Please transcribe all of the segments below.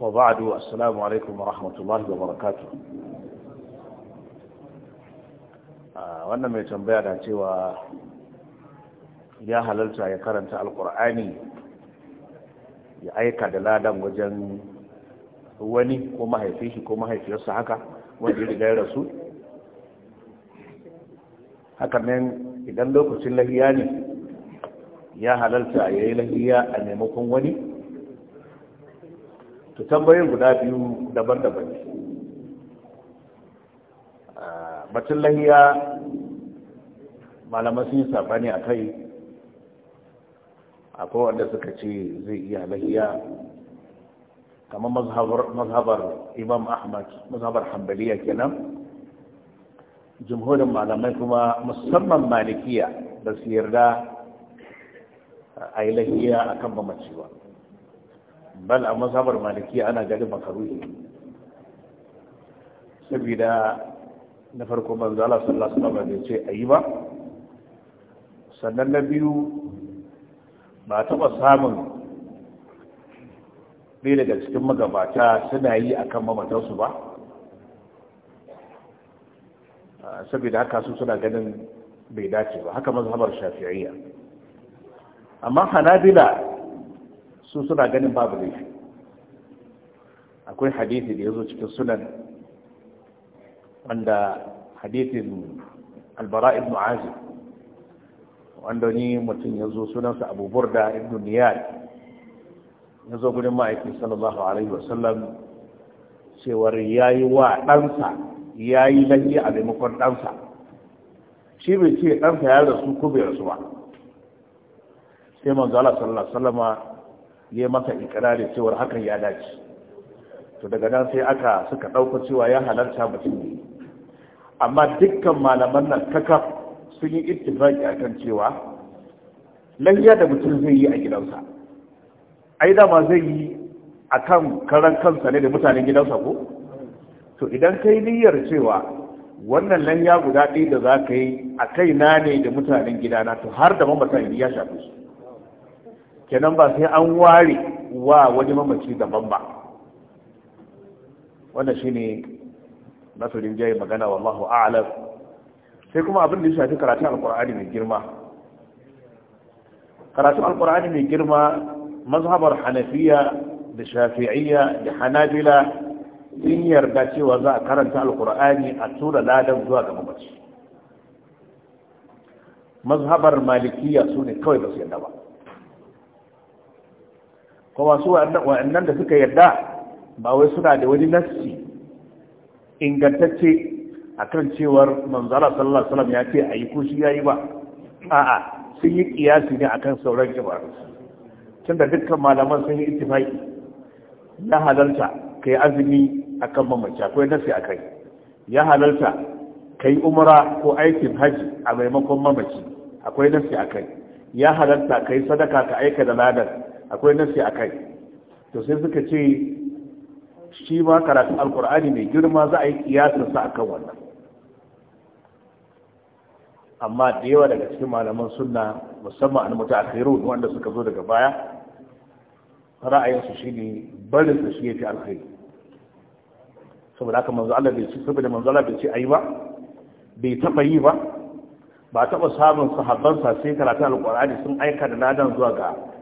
وبعد السلام wa ورحمة الله وبركاته wannan mai tambaya da cewa ya halarta ya karanta alkur'ani ya aika da ladan wajen wani ko mahaifi shi ko mahaifiyarsa haka wanda ya riga ya rasu hakanan idan lokacin lahiya ne ya halarta ya yi lahiya a maimakon wani to tambayin guda biyu daban-daban ne ah, batun lahiya malaman sun yi sabani a kai akwai wanda suka ce zai iya lahiya kamar mazhabar imam ahmad mazhabar hambaliya kenan jumhurin malamai kuma musamman malikiya ba su yarda ah, a yi lahiya a kan mamaci ba bal a mazhabar maliki ana ganin makaruhi saboda na farko manzo Allah sallallahu alaihi wasallam ya ce ayi ba sannan na biyu ba taba samun ɗaya daga cikin magabata suna yi a kan mamatansu ba saboda haka su suna ganin bai dace ba haka mazhabar shafi'iyya amma hanabila su suna ganin babu laifi akwai hadisi da ya zo cikin sunan wanda hadisin albara ibn azib wanda ni mutum ya zo sunansa abubuwar da ibn niyar ya zo gudun ma'aiki sallallahu alaihi wasallam cewar ya yi wa ɗansa ya yi lalle a maimakon ɗansa shi bai ce ɗansa ya rasu ko bai rasu ba sai manzo Allah sallallahu alaihi wasallama ya masa ikirarin cewar hakan ya dace to daga nan sai aka suka dauka cewa ya halarta mutum ne amma dukkan malaman nan kaka sun yi ittifaki akan cewa lafiya da mutum zai yi a gidansa ai dama zai yi akan karan kansa ne da mutanen gidansa ko to idan kai niyyar cewa wannan lanya guda ɗaya da za ka yi a kai na ne da mutanen gidana to har da mamata ya shafi su kenan ba sai an ware wa wani mamaci daban ba wannan shine nasirin jayi magana wallahu a'lam sai kuma abin da ya shafi karatun alkur'ani mai girma karatun alkur'ani mai girma mazhabar hanafiya da shafi'iyya da hanabila sun yarda cewa za a karanta alkur'ani a tura ladan zuwa ga mamaci mazhabar malikiya su ne kawai ba su yarda ba kuma su wa'annan da suka yarda ba wai suna da wani nassi ingantacce kan cewar manzara sallallahu ala'uwa ya ce a yi ko shi yi ba a'a sun yi kiyasi ne akan sauran kibarus tunda dukkan malaman sun yi ittifaki ya halarta ka yi azumi akan mamaci akwai a akai ya halarta ka yi umara ko aikin hajji a maimakon mamaci akwai a akai ya halarta ka yi sadaka ka aika da ladar akwai nasi a kai to sai suka ce shi ma karatun alkur'ani mai girma za a yi kiyasinsa a kan wannan amma da yawa daga cikin malaman sunna musamman a kairu wanda suka zo daga baya ra'ayinsu ne barin su shi fi alkhairi saboda haka manzo Allah bai ci saboda manzo Allah bai ci ayi ba bai taba yi ba ba taba samun sahabban sa sai karatun alkur'ani sun aika da ladan zuwa ga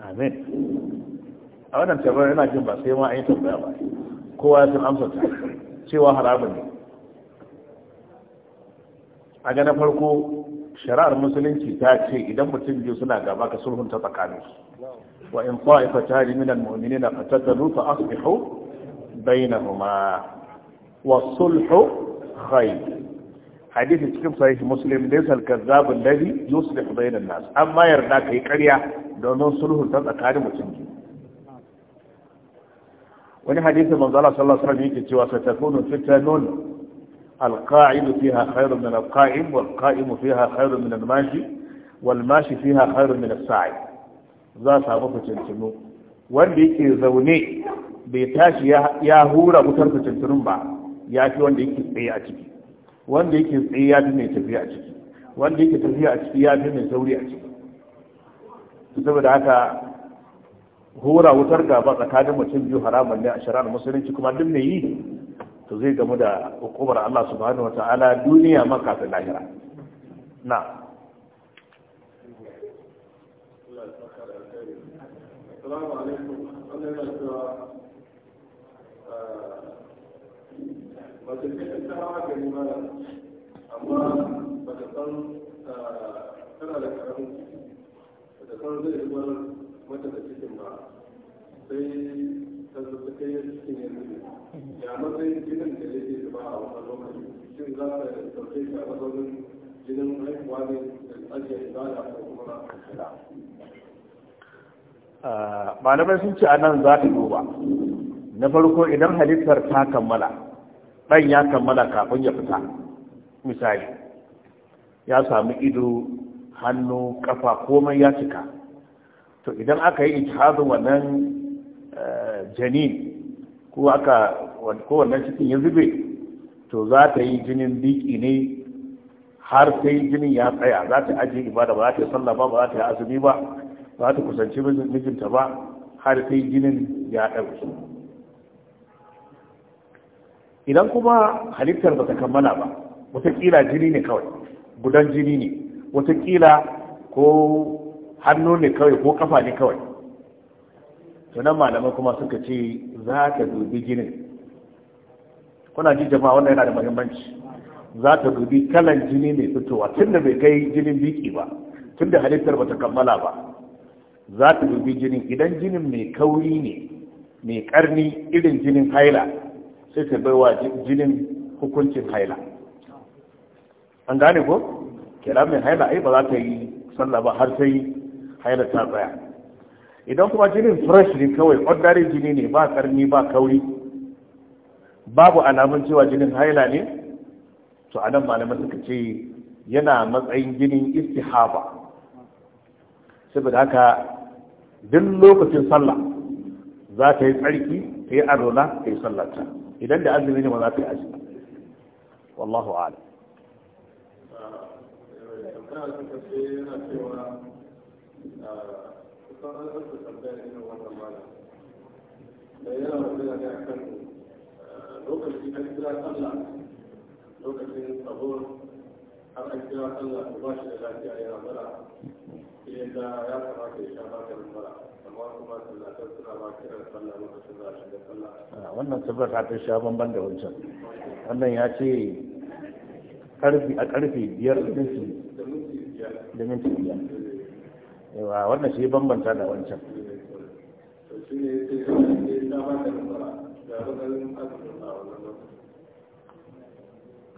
amin a wannan tabbar yana jin ba sai ma an yi tambaya ba kowa ya san cewa haramun ne a ga na farko shari'ar musulunci ta ce idan mutum biyu suna gaba ka sulhunta tsakanin wa in ta'ifata min al-mu'minina fatatalu fa aslihu bainahuma wa sulhu khayr hadisi cikin sahih muslim laysa al-kazzab alladhi yuslihu bayna an-nas amma yarda kai ƙarya domin sulhu ta tsakanin mutum biyu wani hadisi manzo Allah sallallahu alaihi wasallam yake cewa satakunu fitanun القاعد فيها خير من القائم والقائم فيها خير من الماشي والماشي فيها خير من الساعي za samu fitintunu wanda yake zaune bai tashi ya hura wutar fitintunun ba ya fi wanda yake tsaye a ciki wanda yake tsaye ya fi mai tafiya a ciki wanda yake tafiya a ciki ya fi mai sauri a ciki saboda haka hura wutar gaba tsakanin mutum biyu haramun ne a shari'ar musulunci kuma duk mai yi to zai gamu da hukumar Allah subhanahu wa ta'ala duniya maka kafin lahira na Assalamu wato cikin ta hawa gani ba amma ba ta san ah, tana da karamin ciki ba ta san zai zubar mata da cikin ba sai ta zuba ta yi cikin yanzu ya matsayin jinin da ya ke zuba a wannan lokaci shin za ta ɗauke ta mazaunin jinin haihuwa ne da ajiyar ibada ko kuma ah, malamai sun ce a nan za ta duba na farko idan halittar ta kammala ɗan ya kammala kafin ya fita misali ya sami ido hannu kafa komai ya cika to idan aka yi ijihazin wannan eh, janin ko aka wannan cikin ya zube to za ta yi jinin biki ne har sai jinin ya tsaya za ta ajiye ibada ba za ta yi sallah ba ba za ta yi azumi ba ba za ta kusanci mijinta ba har sai jinin ya ɗauki idan kuma halittar ba ta kammala ba watakila jini ne kawai gudan jini ne watakila ko hannu ne kawai ko kafa ne kawai tunan malamai kuma suka ce za ta dubi jinin kuna ji jama'a wannan yana da mahimmanci. za ta dubi kalan jini mai fitowa tun da bai kai jinin biki ba tun da halittar bata kammala ba za ta dubi jinin idan jinin mai kauri ne mai karni irin jinin haila sai ta baiwa jinin hukuncin haila an gane ko kira mai haila ai ba za ta yi sallah ba har sai haila ta tsaya idan kuma jinin fresh ne kawai ordinary jini ne ba karni ba kauri babu alamun cewa jinin haila ne to a nan malaman suka ce yana matsayin jinin istihaba saboda haka duk lokacin sallah za ta yi tsarki ta yi arola ta yi sallata idan da azumi ne ba za ka yi azumi wallahu a'lam lokacin kan kira sallah lokacin sahur har an kira sallah ba shi da lafiya yana bara wannan ta sha bamban da wancan wannan ya ce a karfe biyar da minti biyar yawa wannan shi bambanta da wancan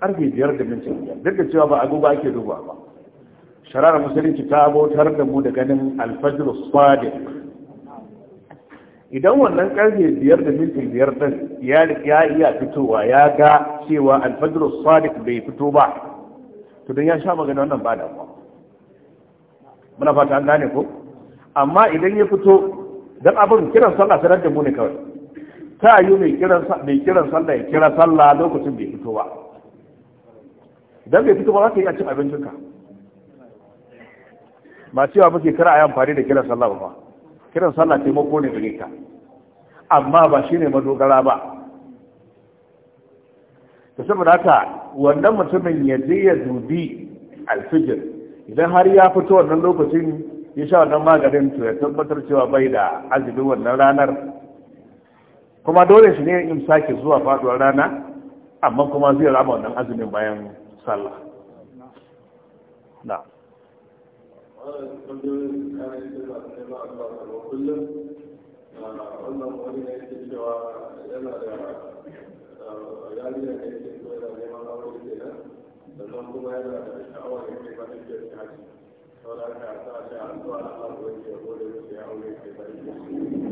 karfe biyar da minti biyar duk da cewa ba agogo ake dubawa ba shararar musulunci ta bautar da mu da ganin alfajir sadiq idan wannan karfe biyar da minti biyar din ya iya fitowa ya ga cewa alfajir sadiq bai fito ba to don ya sha magana wannan ba da kuma, muna fata an gane ko amma idan ya fito don abin kiran sallah sanar da mu ne kawai ta yi mai kiran sallah ya kira sallah lokacin bai fito ba idan bai fito ba za ka yi a cin abincinka ba cewa muke kira yi amfani da kiran sallah ba kiran sallah taimako ne gare ka amma ba shine madogara ba to saboda haka wannan mutumin ya je ya dubi alfijir idan har ya fito wannan lokacin ya sha wannan maganin to ya tabbatar cewa bai da azumin wannan ranar kuma dole shi ne in sake zuwa faduwar rana amma kuma zai rama wannan azumin bayan sallah رجل كان يتبع السماء الباطل وكله قلنا مؤمن يكتب سوى يلا يالي أن يكتب إلى الإمام أو إلينا لأنه كما يلا أول يكتب أن يكتب في حجم ولا تعطى شيئا ولا الله وجه يقول يكتب أو يكتب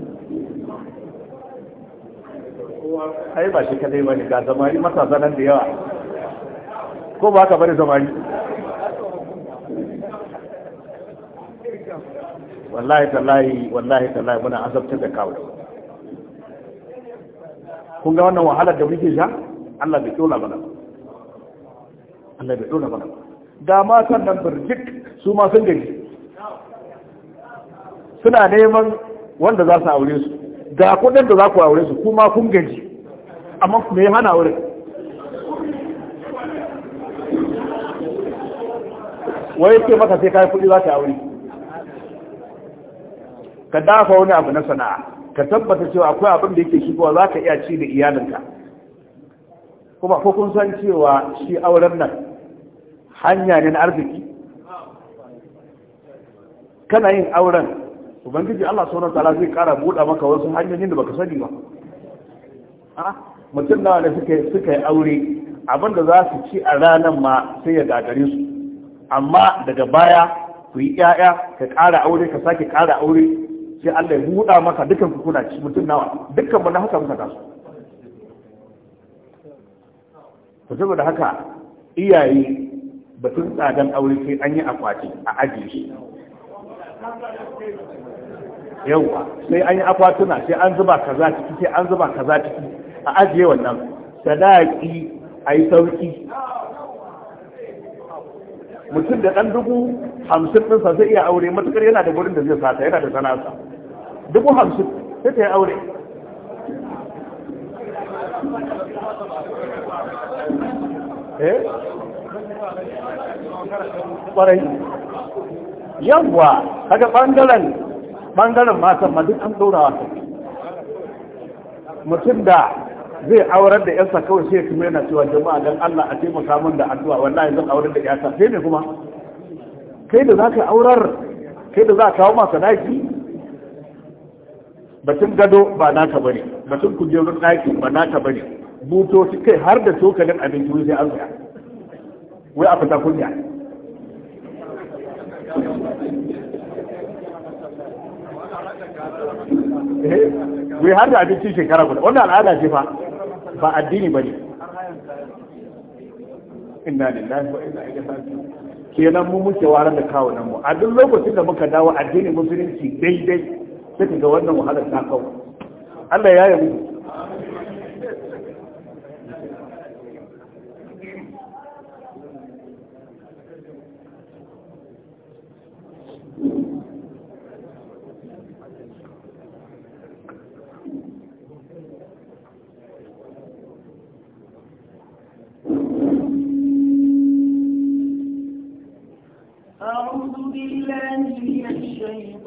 ai ba shi kadai ba ne ga zamani matasa nan da yawa ko ba ka bari zamani wallahi tallahi wallahi tallahi muna azabtar da kawo kun ga wannan wahalar da muke sha Allah bai tsola mana Allah bai tsola mana da ma san nan birjik su ma sun gaji suna neman wanda za su aure su da kudin da za ku aure su kuma kun gaji amma me hana aure wai ke maka sai kai kudi za ta aure ka dafa wani abu na sana'a ka tabbata cewa akwai abin da yake shigowa za ka iya ci da iyalinka kuma ko kun san cewa shi auren nan hanya ne na arziki kana yin auren ubangiji Allah sauran Tala zai kara buɗa maka wasu hanyoyin da baka sani ba mutum nawa da suka yi aure abin da za su ci a ranar ma sai ya gagare su amma daga baya ku yi 'ya'ya ka kara aure ka sake kara aure sai Allah ya buɗa maka dukan ku kuna ci mutum nawa dukkan mu na haka muka taso to saboda haka iyaye batun tsadan aure sai an yi akwati a ajiye shi yawa sai an yi akwatuna sai an zuba kaza ciki sai an zuba kaza ciki a ajiye wannan sadaki a yi sauki mutum da ɗan dubu hamsin ɗinsa zai iya aure matukar yana da wurin da zai sata yana da sana'arsa dubu hamsin sai ta yi aure eh kwarai yawwa daga bangaren bangaren matan ma duk an ɗora wasu mutum da zai aurar da yarsa kawai sai kuma yana cewa jama'a don Allah a taimaka min da addu'a wallahi zan aurar da yarsa sai ne kuma kai da za ka aurar kai da za ka kawo masa daki batun gado ba naka bane batun kujerun ɗaki ba naka bane su kai har da cokalin abinci sai an tsaya wai a fita kunya eh, wai har da abincin shekara guda wannan al'ada ce fa ba addini ba ne. inna lillahi wa inna ilaihi raji'un kenan mu muke warar da kawo nan mu a duk lokacin da muka dawo addinin musulunci daidai sai ga wannan wahalar ta kawo Allah ya yi mutu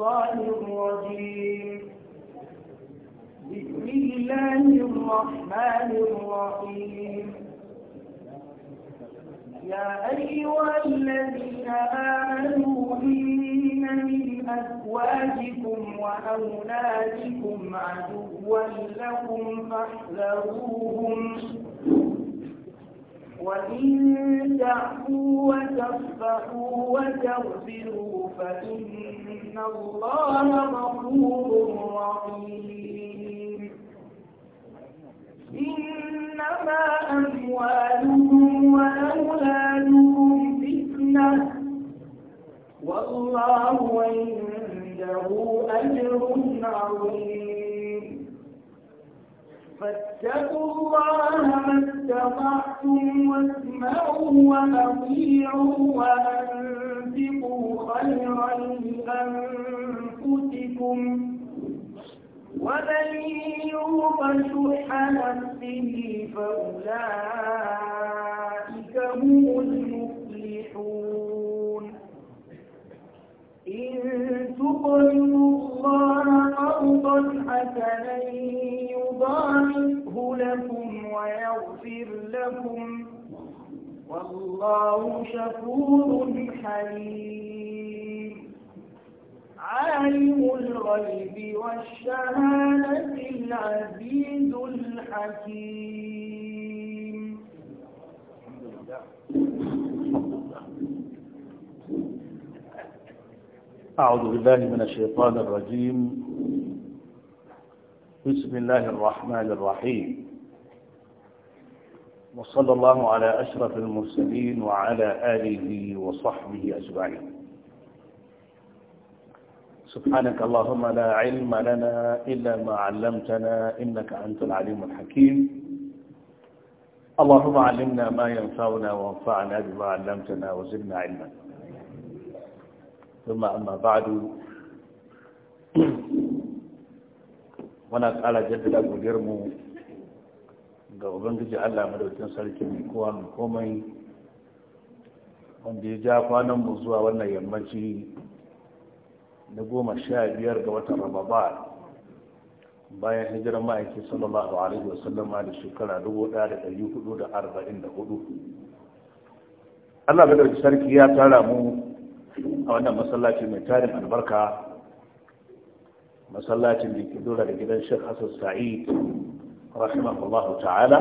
الشيطان الرجيم بسم الله الرحمن الرحيم يا أيها الذين آمنوا إن من أزواجكم وأولادكم عدوا لكم فاحذروهم وإن تعفوا وتصفحوا وتغفروا فإن الله غفور رحيم إنما أموالكم وأولادكم فتنة والله عنده أجر عظيم فاتقوا الله ما استطعتم واسمعوا وأطيعوا وأنفقوا خيرا لأنفسكم ومن يوق شح نفسه فأولئك هم المفلحون إن تقرضوا الله قرضا حسنين يضاعفه لكم ويغفر لكم والله شكور حليم عالم الغيب والشهادة العزيز الحكيم أعوذ بالله من الشيطان الرجيم بسم الله الرحمن الرحيم وصلى الله على أشرف المرسلين وعلى آله وصحبه أجمعين سبحانك اللهم لا علم لنا إلا ما علمتنا إنك أنت العليم الحكيم اللهم علمنا ما ينفعنا وانفعنا بما علمتنا وزدنا علما ثم أما بعد muna ƙara jaddada godiyarmu ga ubangiji allah madaukin sarki mai kowa mai komai wanda ya ja kwananmu zuwa wannan yammaci na goma sha biyar ga watan ramadan bayan hijirar ma'aiki sallallahu alaihi sallama da shekara dubu ɗaya da ɗari hudu da arba'in da hudu allah madaukin sarki ya tara mu a wannan masallaci mai tarin albarka masallacin da ke dora da gidan shek hassan sa'id rahimahullahu ta'ala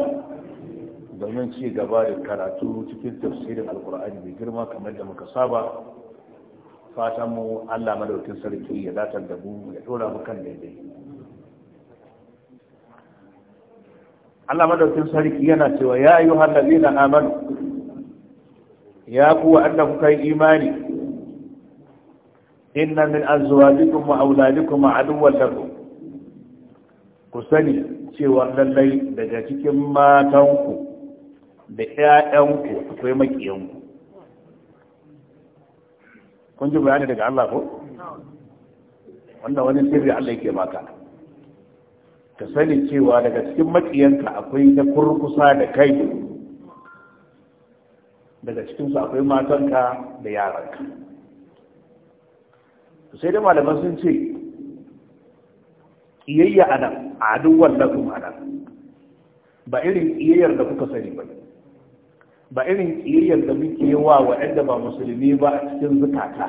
domin ci gaba da karatu cikin tafsirin alkur'ani mai girma kamar da muka saba fatan mu allah madaukin sarki ya datar da mu ya dora mu kan daidai allah madaukin sarki yana cewa ya yi na amanu ya kuwa anda kuka yi imani inna min azwajikum wa auladikum aduwwan lakum ku sani cewa lallai daga cikin matanku da ƴaƴanku akwai makiyanku kun ji bayani daga Allah ko Wannan wani sirri Allah yake maka. ka sani cewa daga cikin makiyanka akwai na kurkusa da kai daga cikinsu akwai matanka da yaranka sai dai malaman sun ce kiyayya a nan a aduwar lakum a nan ba irin kiyayyar da kuka sani ba ba irin kiyayyar da muke wa waɗanda ba musulmi ba a cikin zukata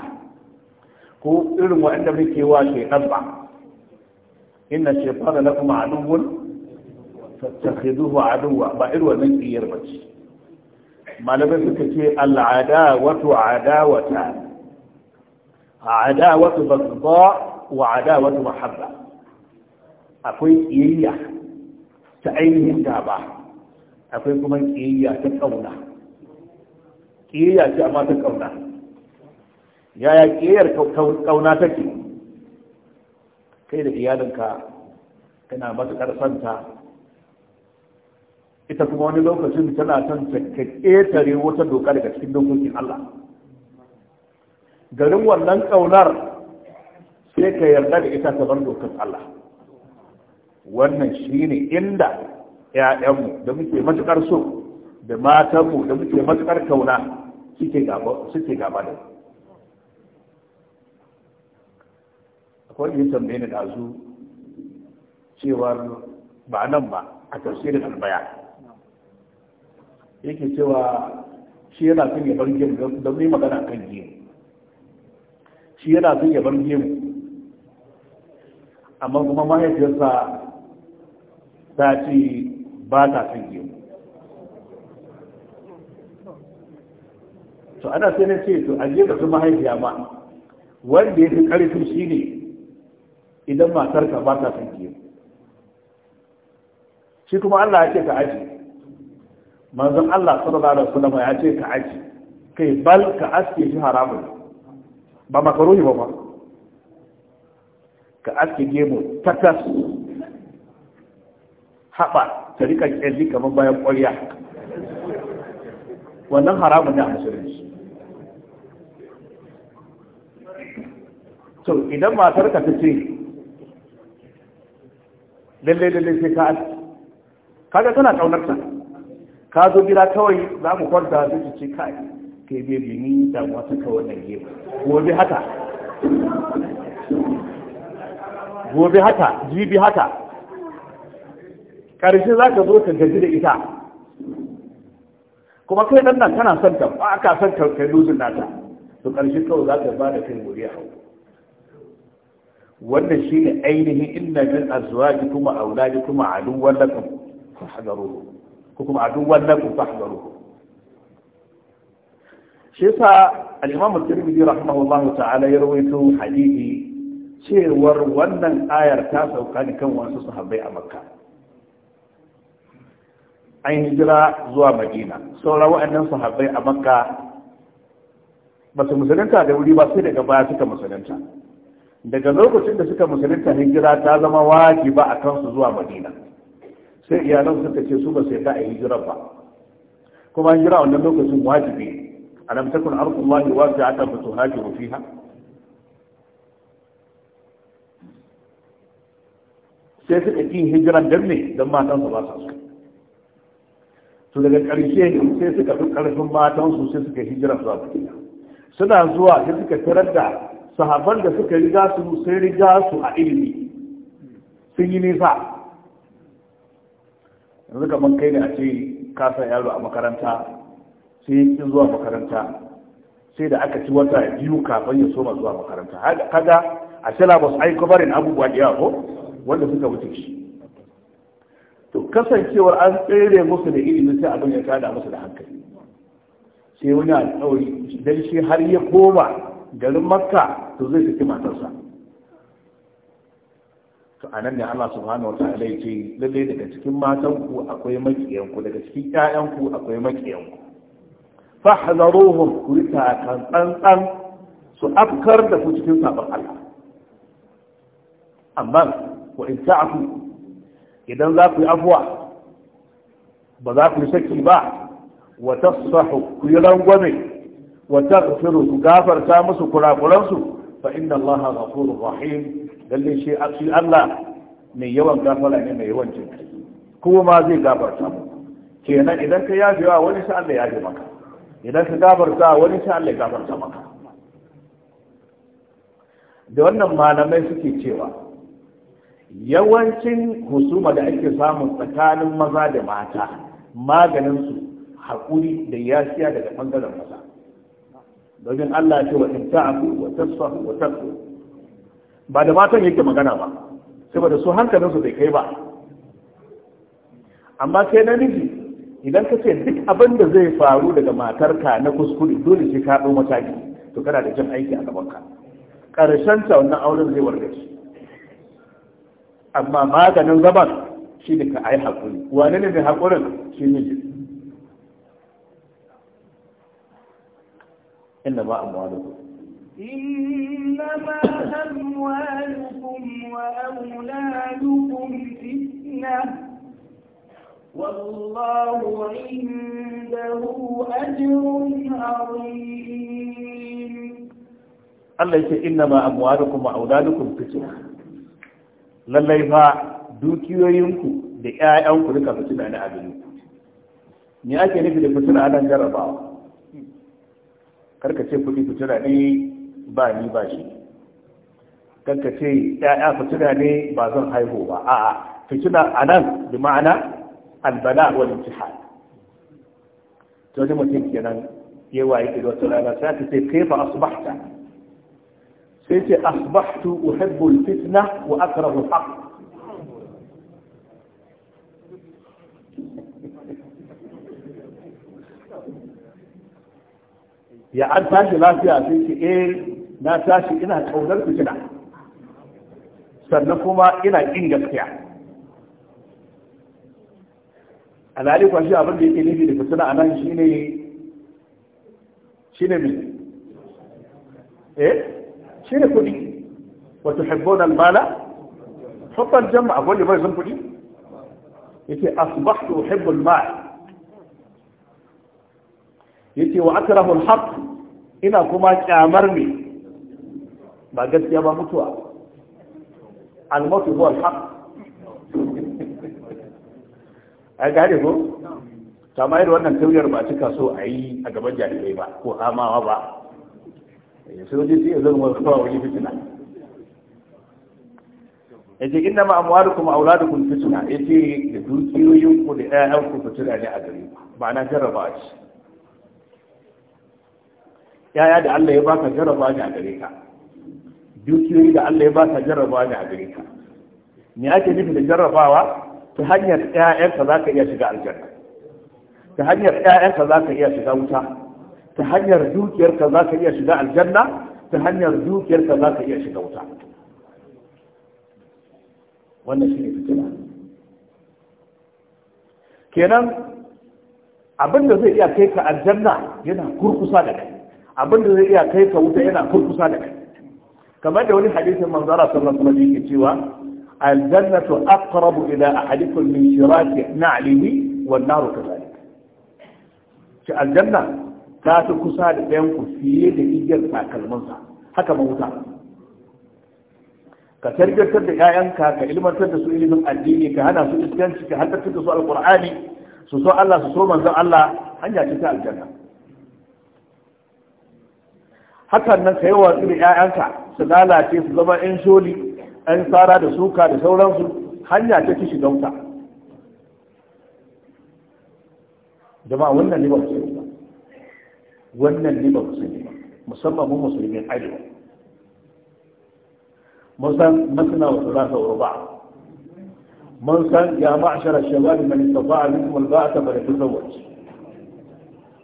ko irin waɗanda muke wa shaitan ba inna shaitan lakum aduwun tattakhiduhu aduwa ba irin wannan kiyayyar ba ce malamai suka ce al'ada wato adawata adawatu baghdha wa adawatu mahabba akwai kiyayya ta ainihin gaba akwai kuma kiyayya ta kauna kiyayya ce amma ta kauna yaya kiyayyar kauna take kai da iyalinka kana matuƙar santa ita kuma wani lokacin tana son ta ƙetare wata doka daga cikin dokokin Allah garin wannan ƙaunar sai ka yarda da ita ta zan dokar Allah wannan shi ne inda ‘ya'yanmu da muke matuƙar so da matanmu da muke matuƙar kauna suke gaba da akwai yin tambaye ni ɗazu cewar ba nan ba a tafsirin albaya yake cewa shi yana son ya bar don magana kan gini. shi yana son ya bar gemu amma kuma mahaifiyarsa ta ce ba ta son gemu to ana sai na ce to aje da su mahaifiya ma wanda ya fi ƙarfi shi ne idan matarka ba ta son gemu shi kuma Allah ya ce ka aji manzon Allah sallallahu alaihi wasallam ya ce ka aji kai bal ka aske shi haramun ba makaroni ba ba ka aske gemu takas haɓa ta rika kyalli kamar bayan ƙwarya wannan haramun da musulunci to idan matar ka ta ce lalle lalle sai ka aske, kaga tana ƙaunarta ka zo gida kawai za mu kwanta su ce kai kai bebi ni damuwa ta kawai nan gefe gobe haka gobe haka jibi haka karshe za ka zo ka gaji da ita kuma kai dan nan kana son ta ba ka son ta kai luzin nata to karshe kawai za ka ba da kai gobe a wannan ne ainihin inna min azwajikum wa auladikum aduwwan lakum fahdaru ko kuma aduwwan lakum fahdaru shi yasa al-Imam Tirmidhi rahimahullahu ta'ala ya rawaito hadisi cewar wannan ayar ta sauka ne kan wasu sahabbai a Makka an hijira zuwa Madina saura waɗannan sahabbai a Makka ba su musulunta da wuri ba sai daga baya suka musulunta daga lokacin da suka musulunta hijira ta zama wajiba a kansu zuwa Madina sai iyalan suka ce su ba sai yarda a hijira ba kuma hijira wannan lokacin wajibi ne alam takun ardullahi wasi'atan fatuhajiru fiha sai suka ƙin hijiran dan ne dan matansu ba sa su to daga ƙarshe sai suka fi ƙarfin matansu sai suka hijira zuwa madina suna zuwa sai suka tarar da sahaban da suka riga su sai riga su a ilimi sun yi nisa yanzu kamar kai ne a ce ka sa yaro a makaranta sai ya zuwa makaranta sai da aka ci wata biyu kafin ya soma zuwa makaranta kaga a syllabus ai kwabarin abubuwa da yawa wanda suka wuce shi to kasancewar an tsere musu da ilimi sai abin ya kada musu da hankali sai wani alƙawari dan shi har ya koma garin makka to zai saki matarsa to a nan ne Allah subhanahu wa ta'ala ya ce lalle daga cikin matanku akwai makiyanku daga cikin ƴaƴanku akwai makiyanku fahzaruhum ku rika kan tsantsan su afkar da ku cikin sabon Allah amma wa in ta'fu idan za ku yi afuwa ba za ku yi saki ba wata sahu ku yi rangwame wata taghfiru ku gafarta musu kurakuransu fa inna Allah ghafurur rahim lalle shi Allah mai yawan gafara ne mai yawan jinkai kuma zai gafarta mu kenan idan ka yafe wa wani sai Allah ya yafe maka idan ka gafarta wani sha Allah gafarta maka da wannan malamai suke cewa yawancin husuma da ake samun tsakanin maza da mata maganinsu haƙuri da yasiya daga ɓangaren maza domin Allah ce wa in ta'afu wa tasfahu wa tasfu ba da matan yake magana ba saboda su hankalinsu bai kai ba amma sai namiji idan ka ce duk abin da zai faru daga matarka na kuskure dole sai ka ɗo mataki to kana da jan aiki a gabanka ƙarshen ta wannan auren zai shi. amma maganin zaman shi ne ka ai haƙuri wane ne mai haƙurin shi miji inna ma amwalukum إنما أموالكم وأولادكم فتنة والله عنده أجر عظيم الله يقول إنما أموالكم وأولادكم فتنة lallai fa dukiyoyinku da ƴaƴanku duka fitina na abin me ake nufi da fitina nan jarabawa karka ce kuɗi fitina ne ba ni ba shi karka ce ƴaƴa fitina ne ba zan haihu ba a'a fitina anan bi ma'ana albala wal imtihan to ne mutum kenan ya waye ki wata rana sai ta ce kaifa asbahta sai ce asbahtu uhibbu al fitna wa akrahu al haqq ya an tashi lafiya sai ce eh na tashi ina kaunar fitina sannan kuma ina kin gaskiya alhali kwa shi abin da yake nufi da fitina a nan shine shine mi eh shine kudi wa tuhibbuna al-mala hubban jamma abin da bai zan kudi yace asbahtu uhibbu al-mal yace wa akrahu al-haqq ina kuma kyamar ne. ba gaskiya ba mutuwa al-mautu huwa al-haqq a gane ko ta yadda wannan tauyar ba cika so a yi a gaban jarirai ba ko hamawa ba sojoji eh, sai zan wasu ba wani fitina ya ce inda ma kuma auladu kun fitina ya ce da dukiyoyin ku da ƴaƴan ku fitina ne a gari ba na jarraba ce yaya da Allah ya baka jarraba ne a gare ka dukiyoyi da Allah ya baka jarraba ne a gare ka me ake nufi da jarrabawa ta hanyar ƴaƴanka za ka iya shiga aljanna ta hanyar ƴaƴanka za ka iya shiga wuta ta hanyar dukiyarka za ka iya shiga aljanna ta hanyar dukiyarka za ka iya shiga wuta wannan shi ne fitina kenan abin da zai iya kai ka aljanna yana kurkusa da kai abin da zai iya kai ka wuta yana kurkusa da kai kamar da wani hadisin manzara sallallahu alaihi wasallam yake cewa الجنة أقرب إلى أحدكم من شراك نعله والنار كذلك الجنة لا تكسى لأنك في يد إجل تاكلمنسا haka mawuta ka tarbiyyar da ƴaƴanka ka ilmantar da su ilimin addini ka hana su iskanci ka haddace da su alqur'ani su so Allah su so manzon Allah hanya ce ta aljanna hakan nan su lalace su zama in 'yan tsara da suka da sauransu hanya ta kishi dauta jama'a wannan ne ba su ba wannan ne ba su ba musamman mu musulmi arewa mun san masana wa salata wa ba. mun san ya ma'ashara shababi man istafa'a minkum ta baata fa yatazawwaj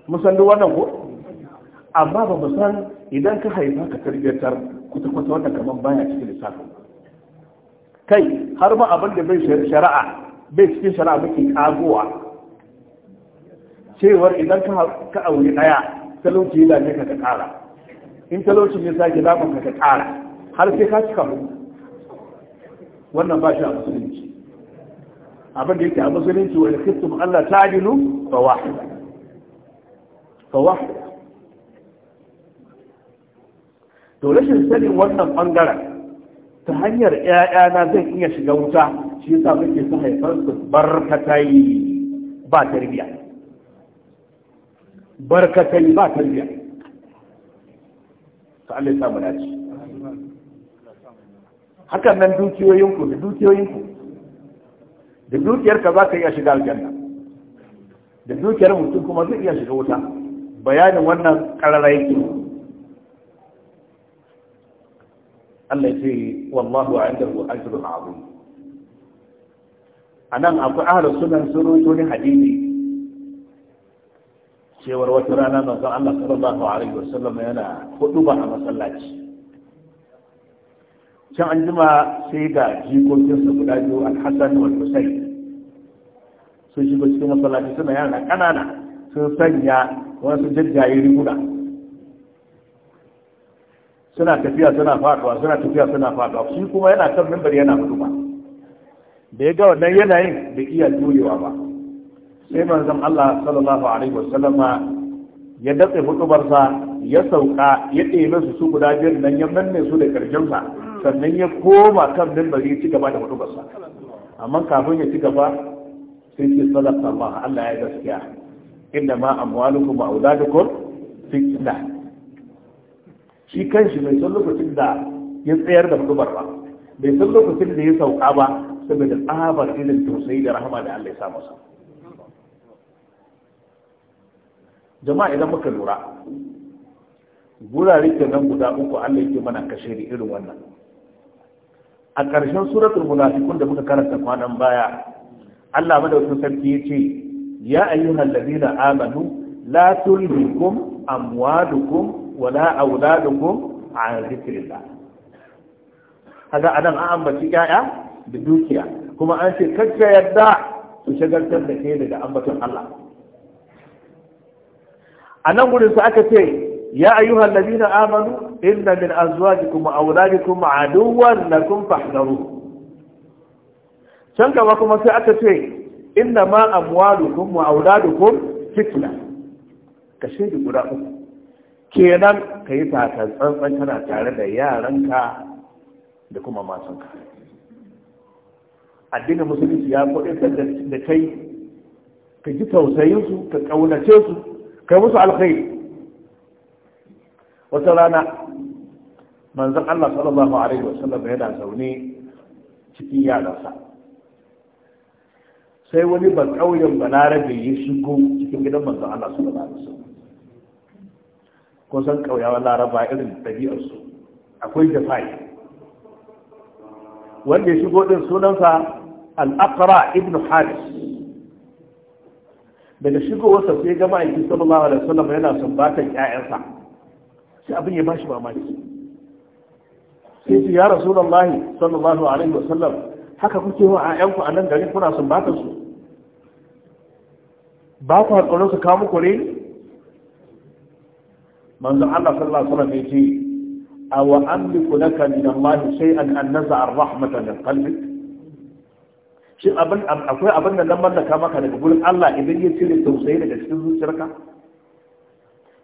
mun san duk wannan ko amma ba mu san idan ka haifa ka tarbiyyar kuta kuta wannan kamar baya cikin lissafin ba kai har ma abin da bai shari'a bai cikin shari'a muke kagowa cewar idan ka aure daya talauci ya dame ka ka kara in talauci ne sake damun ka ka kara har sai ka cika mu wannan ba shi a musulunci abin da yake a musulunci wani kristum Allah ta adilu fa wahida fa wahida to rashin sanin wannan bangaren ta hanyar ‘ya'yana zan iya shiga wuta shi yasa muke su haifar su barkatai ba tarbiya barkatai ba tarbiya ta Allah ya samu dace hakan nan dukiyoyinku da dukiyoyinku da dukiyarka za ka iya shiga aljanna da dukiyar mutum kuma zai iya shiga wuta bayanin wannan ƙararra yake Allah ce wallahu indahu ajrun a anan akwai ahlus sunan surutu ne hadini cewar wata rana manzon Allah sallallahu alaihi wasallam yana hudu ba a masallaci can an jima sai ga jikokinsa guda biyu alhassan wal husayn sun shigo cikin masallaci suna yana ƙanana, sun sanya wasu jajjaye riguna suna tafiya suna faɗuwa suna tafiya suna faɗuwa shi kuma yana kan mimbar yana huduma da ya ga wannan yanayin da iya jurewa ba sai manzon Allah sallallahu alaihi wasallama ya datse hudubarsa ya sauka ya ɗebe su su guda biyar nan ya manne su da sa sannan ya koma kan mimbari ya ci gaba da hudubarsa amma kafin ya ci gaba sai ce sadaka Allah Allah ya gaskiya inda ma amwalukum wa auladukum fitna shi kanshi bai san lokacin da ya tsayar da hudubar ba bai san lokacin da ya sauka ba saboda tsabar irin tausayi da rahama da Allah ya sa masa jama'a idan muka lura gurare nan guda uku Allah yake mana kashe da irin wannan a ƙarshen suratul munafiqun da muka karanta kwanan baya Allah madaukakin sarki ya ce ya ayyuhal ladina amanu la tulhikum amwalukum wala auladukum an zikrillah kaga anan an ambaci yaya da dukiya kuma an ce kakka yadda su shagaltar da ke daga ambaton Allah a nan gurin su aka ce ya ayyuhan allazina amanu inna min azwajikum wa auladikum aduwwan lakum fahdaru can gaba kuma sai aka ce inna ma amwalukum wa auladukum fitna kashe guda uku kenan ka yi takan tsantsan kana tare da yaranka da kuma matanka addinin musulunci ya kuɗi da kai ka ji tausayinsu ka ƙaunace su kai musu alkhairi wata rana manzan Allah sallallahu Alaihi wasallam yana zaune cikin yaransa sai wani ban ƙauyen balarabe ya shigo cikin gidan manzan Allah sallallahu Alaihi wasallam ko san ƙauyawa laraba irin ɗabi'arsu akwai jafai wanda ya shigo ɗin sunansa al'akara ibn haris daga shigowarsa sai ga ma'aikin sallallahu alaihi wasallam yana sumbatan ƴaƴansa sai abin ya bashi mamaki sai ce ya rasulullahi sallallahu alaihi wasallam haka kuke wa ƴaƴanku a nan gari kuna sumbatan su ba ku hankalin su kawo muku ne manzon Allah sallallahu alaihi wasallam yace aw amliku laka min Allah shay'an an naz'a ar-rahmata min qalbik shi abin akwai abin da nan mallaka maka daga gurin Allah idan ya cire tausayi daga cikin zuciyarka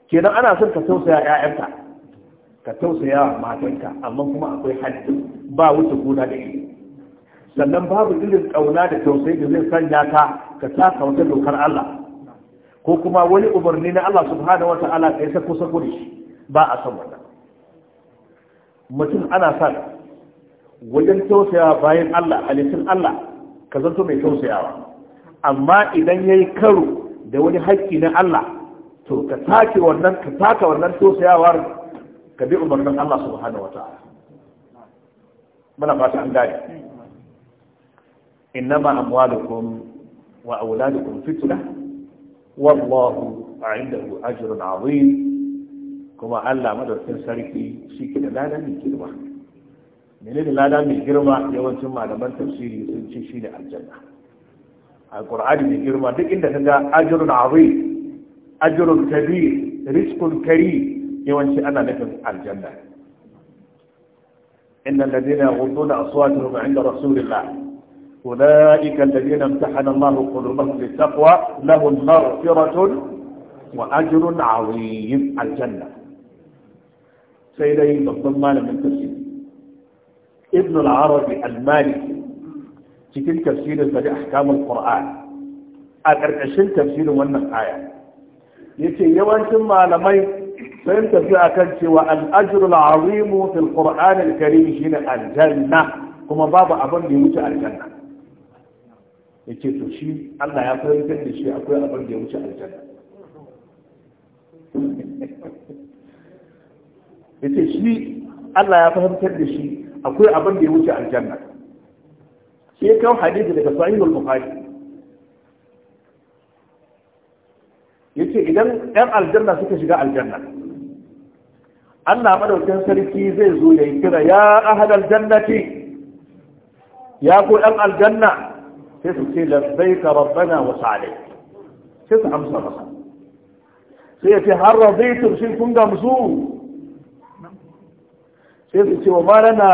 kenan ana son ka tausaya ƴaƴanka ka tausaya matanka amma kuma akwai haddi ba wuce gona da ilimi sannan babu irin ƙauna da tausayi da zai sanya ka ka taka wata dokar Allah ko kuma wani umarni na Allah subhanahu wa ta'ala kai sako ko da ba a san wannan mutum ana sa wajen tausayawa bayan Allah halittun Allah ka zanto mai tausayawa amma idan yayi karo da wani haƙƙi na Allah to ka take wannan ka taka wannan tausayawar ka bi umarnin Allah subhanahu wa ta'ala muna fata an gane innama amwalukum wa auladukum fitnah wallahu a'indahu ajrun azim kuma Allah madaukakin sarki shi ke da lada mai girma menene lada mai girma yawancin malaman tafsiri sun ce shine aljanna alqur'ani mai girma duk inda kaga ajrun azim ajrun kabir rizqun karim yawanci ana nufin aljanna إن الذين يغضون أصواتهم عند رسول الله أولئك الذين امتحن الله قلوبهم بالتقوى لهم مغفرة وأجر عظيم الجنة سيدي بالضمان من تفسير ابن العربي المالكي في كل تفسير في أحكام القرآن أكثر عشر تفسير من الآية يتي يوان ثم علمي فإنت في أكلتي والأجر العظيم في القرآن الكريم هنا الجنة وما بعض أبن يوتي الجنة ya ce to shi allah ya fahimtar da shi akwai abin da ya wuce aljanna ya ce shi allah ya fahimtar da shi akwai abin da ya wuce aljanna sai ya kawo hadisi daga sahihul bukhari ce idan ɗan aljanna suka shiga aljanna Allah madaukin sarki zai zo ya yi kira ya ahad aljannati ya ko ɗan aljanna تفتي لبيك ربنا وصعليك تفتي حمسة بصع سيتي هل رضيت بسين كنت مزور سيتي وما لنا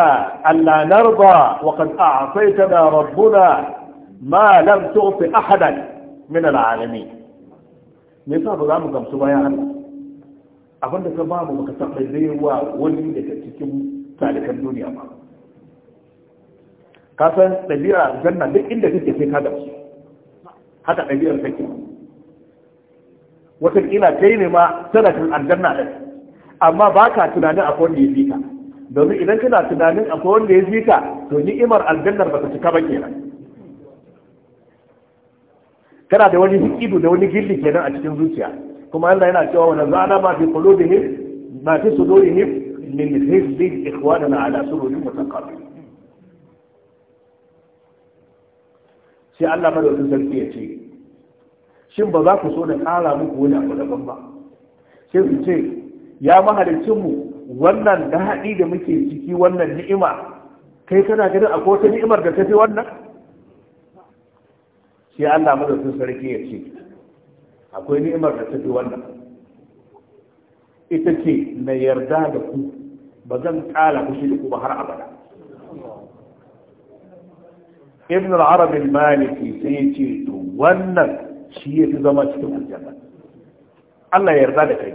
ألا نرضى وقد أعطيتنا ربنا ما لم تغطي أحدا من العالمين نفتي الآن كم سبايا عنه أفندك بابه وكتقل ذيه وولي لكتكم تالك الدنيا بابه ka san ɗabi'a janna duk inda kake sai ka gamsu haka ɗabi'ar take wataƙila kai ne ma sadakin aljanna ɗin amma ba ka tunanin akwai wanda ya fi ka domin idan kana tunanin akwai wanda ya fi ka to ni'imar aljannar ba ta cika ba kenan kana da wani hikidu da wani gilli kenan a cikin zuciya kuma Allah yana cewa wannan zana ma fi qulubihim ma fi sudurihim min hizbi ikhwanana ala sururi mutaqabbil sai Allah madaukakin sarki ya ce shin ba za ku so na ƙara muku wani abu daban ba sai su ce ya mahalicinmu wannan daɗi da muke ciki wannan ni'ima kai kana ganin akwai wata ni'imar da ta fi wannan sai Allah madaukakin sarki ya ce akwai ni'imar da ta fi wannan ita ce na yarda da ku ba zan ƙara kushi da ku ba har abada ibn al-arab al-maliki sai ya ce to wannan shi ya fi zama cikin aljanna Allah ya yarda da kai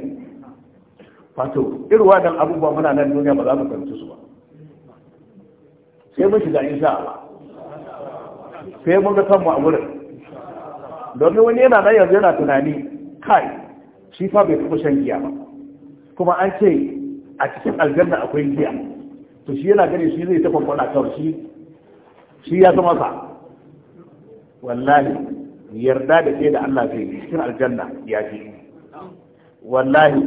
wato irin wadan abubuwa muna nan duniya ba za mu fahimci su ba sai mun shiga insha Allah sai mun ga kanmu a wurin domin wani yana nan yanzu yana tunani kai shi fa bai taɓa shan giya ba kuma an ce a cikin aljanna akwai giya to shi yana gani shi zai taɓa kwana kawai shi shi ya zama sa wallahi yarda da ke da Allah zai yi cikin aljanna ya fi wallahi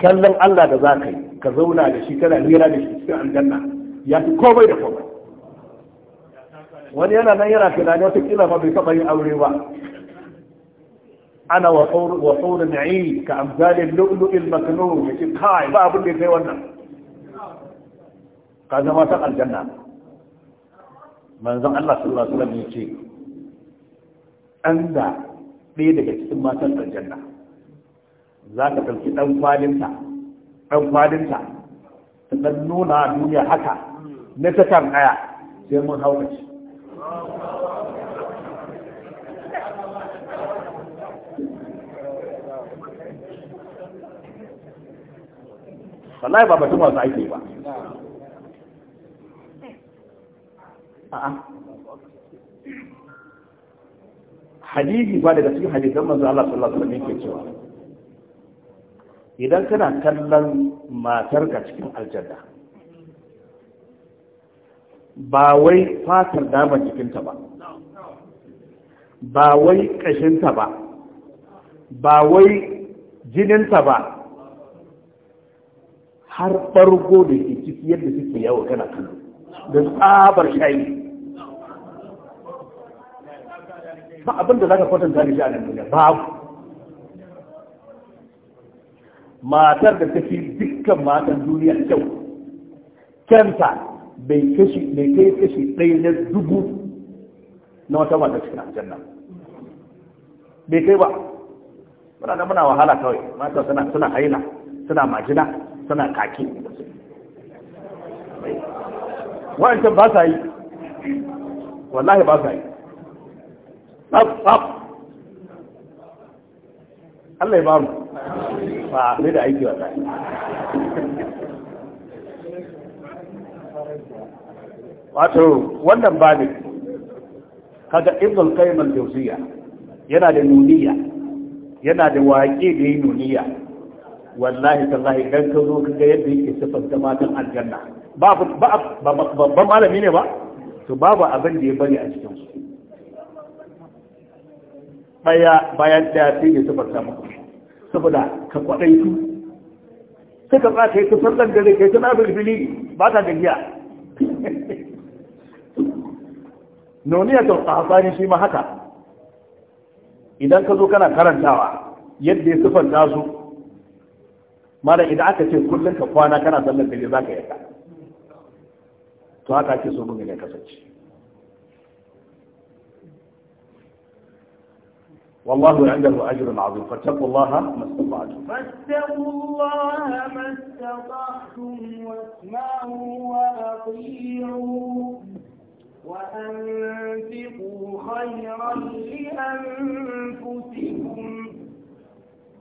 kallon Allah da za ka yi ka zauna da shi kana hira da shi cikin aljanna ya fi komai da komai wani yana nan yana tunani wata kila ma bai taɓa yin aure ba ana wa tsoron na'i ka amsalin lu'lu'il maknun ya ce kai ba abin da ya kai wannan ka zama ta aljanna manzon Allah sallallahu alaihi wasallam yace an da ɗaya daga cikin matan aljanna za ka ɗauki ɗan kwalinta ɗan kwalinta ta ɗan nuna duniya haka na ta kan aya sai mun haukace wallahi ba batun masu aiki ba hadisi ba daga cikin hadisan manzo Allah sallallahu alaihi wasallam cewa idan kana kallon matarka cikin aljanna ba wai fatar damar jikinta ba ba wai kashinta ba ba wai jininta ba har bargo da ke ciki yadda suke yawo kana kallo da tsabar shayi ba abin da za ka kwatanta da shi a duniya ku. matar da ta fi dukkan matan duniya kyau kyanta bai kashi bai kai kashi ɗaya na dubu na wata wata cikin aljanna bai kai ba muna da muna wahala kawai mata suna suna haila suna majina suna kaki wa'ancan ba sa yi wallahi ba sa yi tsaf tsaf Allah ya ba mu ba ne da aiki wata wato wannan ne kaga ibn al-qayyim al-jawziya yana da nuniya yana da waƙe da yi nuniya wallahi tallahi dan ka zo ga yadda yake sifanta matan aljanna ba ba babban malami ne ba to babu abin da ya bari a cikin su ɗaya bayan ɗaya sai ya sifarta muku saboda ka kwaɗai su sai ka tsaka yi ta ɗan gari ka yi ta nabin ba ta gajiya noniyatul qahsani shi ma haka idan ka zo kana karantawa yadda ya sifanta su malam idan aka ce kullum ka kwana kana sallar za ka yaka to haka ake so mun ne kasance والله عنده أجر عظيم فاتقوا الله ما استطعتم فاتقوا الله ما استطعتم واسمعوا وأطيعوا وأنفقوا خيرا لأنفسكم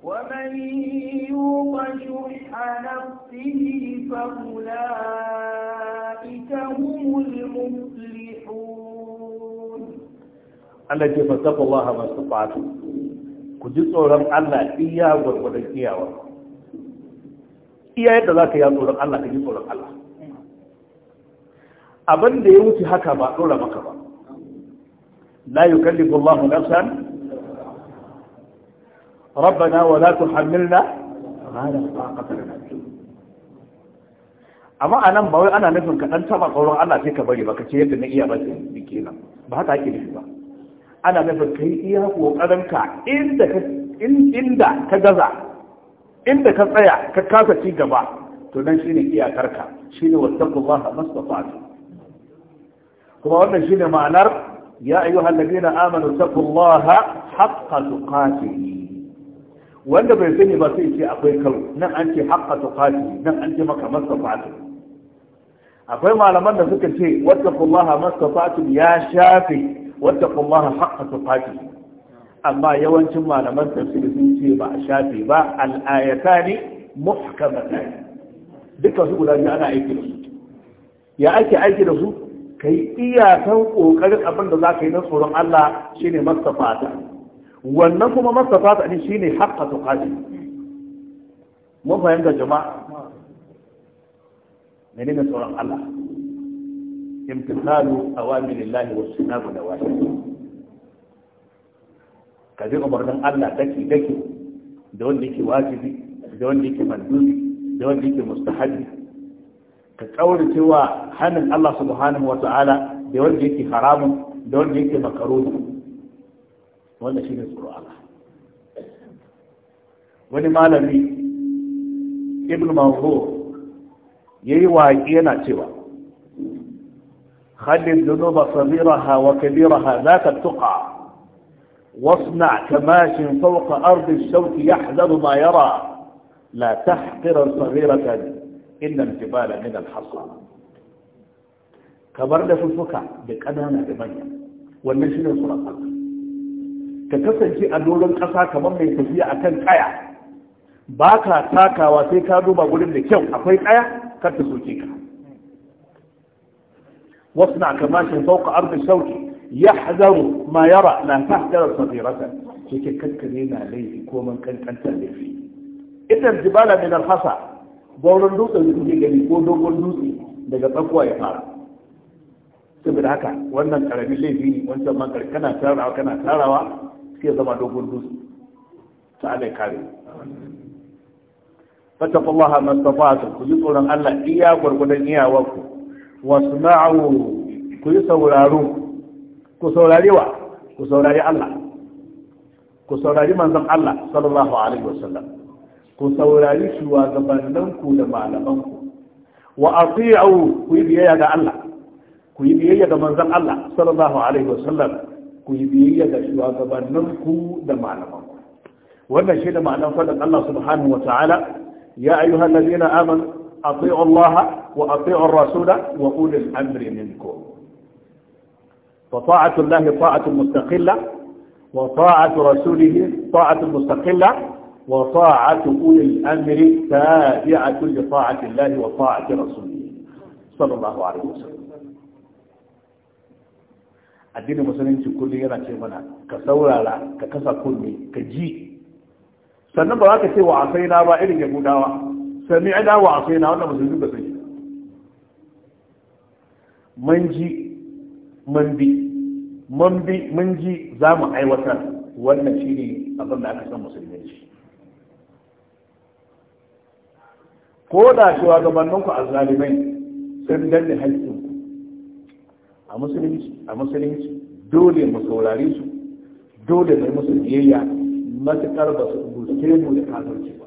ومن يوق شح نفسه فأولئك هم المفلحون Allah ce fasafallaha masu fatu ku ji tsoron Allah iya gwargwadon iyawa iya yadda za ka yi tsoron Allah ka ji tsoron Allah abin da ya wuce haka ba ɗora maka ba la yukallifu Allah nafsan rabbana wa la tuhammilna ma la taqata lana amma anan ba wai ana nufin ka dan taba tsoron Allah sai ka bari ba ka ce yadda na iya ba sai kenan ba haka ake nufi ba ana nufin kai iya kokarin ka inda ka inda ka gaza inda ka tsaya ka kasa ci gaba to nan shine iyakar Shine shine wattaqullaha mastata'tu kuma wannan shine ma'anar ya ayyuhal ladina amanu taqullaha haqqa tuqatih wanda bai sani ba sai ce akwai karo nan an ce haƙa tuƙati nan an ce maka mastafatu akwai malaman da suka ce wata kullaha mastafatu ya shafe واتقوا الله حق تقاته أما يوانش ما لمن تفسير سنتي مع شافي با الآيتان محكمتان duka su guda biyu ana aiki da su ya ake aiki da su ka yi iyakan ƙoƙarin abin da za ka yi na tsoron Allah shi ne mastafata wannan kuma mastafata ne shine ne haƙƙa mun fahimta jama'a menene tsoron Allah imtisalu awamirillahi wa sunnatu da wahi ka bi umarnin Allah daki daki da wanda yake wajibi da wanda yake mandubi da wanda yake mustahabi ka kauracewa cewa hannun Allah subhanahu wa ta'ala da wanda yake haramun da wanda makaroni wanda shi tsoro wani malami ibn manzo ya yi yana cewa خلي الذنوب صغيرها وكبيرها لا تتقع واصنع كماش فوق أرض الشوك يحذر ما يرى لا تحقر صغيرة إن الجبال من الحصى كبرنا في الفكع بكأنها نعلمية والمشن الصلاة كتسل شيء أدول القصى كمان من تفيع كان كايا باكا تاكا وسيكا دوما قولي من كيو أخوي كايا كتسل شيء واصنع كماش فوق أرض الشوك يحذر ما يرى لا تحذر صغيرة شيك كتكرين عليه كوما كان أنت عليه إذا الجبال من الحصى gauran dutsen da kuke ko dogon dutse daga tsakuwa ya fara saboda haka wannan karamin laifi ne wancan man kana tarawa kana tarawa sai zama dogon dutse ta alai kare fattakullaha mastafatun ku ji tsoron Allah iya gwargwadon iyawarku wasma'u ku yi sauraro ku saurari wa ku saurari Allah ku saurari manzon Allah sallallahu alaihi wasallam ku saurari shugabanninku da malamanku wa ati'u ku yi biyayya ga Allah ku yi biyayya ga manzan Allah sallallahu alaihi wasallam ku yi biyayya ga shugabanninku da malamanku wannan shi da ma'anar faɗin Allah subhanahu wa ta'ala ya ayyuhal ladina amanu أطيعوا الله وأطيعوا الرسول وأولي الأمر منكم فطاعة الله طاعة مستقلة وطاعة رسوله طاعة مستقلة وطاعة أولي الأمر تابعة لطاعة الله وطاعة رسوله صلى الله عليه وسلم الدين musulunci kullum yana ce mana ka saurara ka kasa kunne ka ji sannan ba za ka ce wa asai na ba irin yahudawa sami'na wa asaina wannan musulmi ba sai mun ji mun bi mun bi mun ji za mu aiwatar wannan shi ne abin da aka san musulmi ko da cewa gabaninku a zalimai sun danne haƙƙinku a musulunci a musulunci dole mu saurare su dole mai musu biyayya matuƙar ba su guske mu da kafirci ba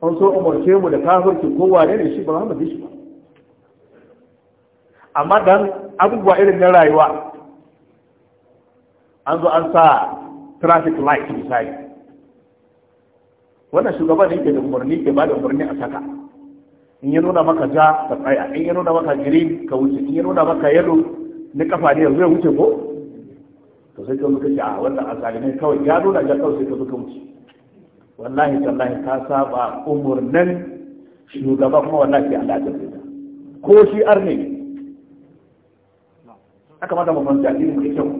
an so umarce mu da kafirci ko wane ne shi ba za mu bi shi ba amma dan abubuwa irin na rayuwa an zo an sa traffic light misali wannan shugaba ne ke da umarni ke ba da umarni a saka in ya nuna maka ja ka tsaya in ya nuna maka green ka wuce in ya nuna maka yellow na kafa ne yanzu ya wuce ko to sai ka zo kace a ah, wannan azalimai kawai ya nuna ja kawai sai ka zo ka wuce wallahi tallahi ka saba umurnin shugaba kuma wallahi Allah ya zai ko shi arne aka mata mu a cikin mai kyau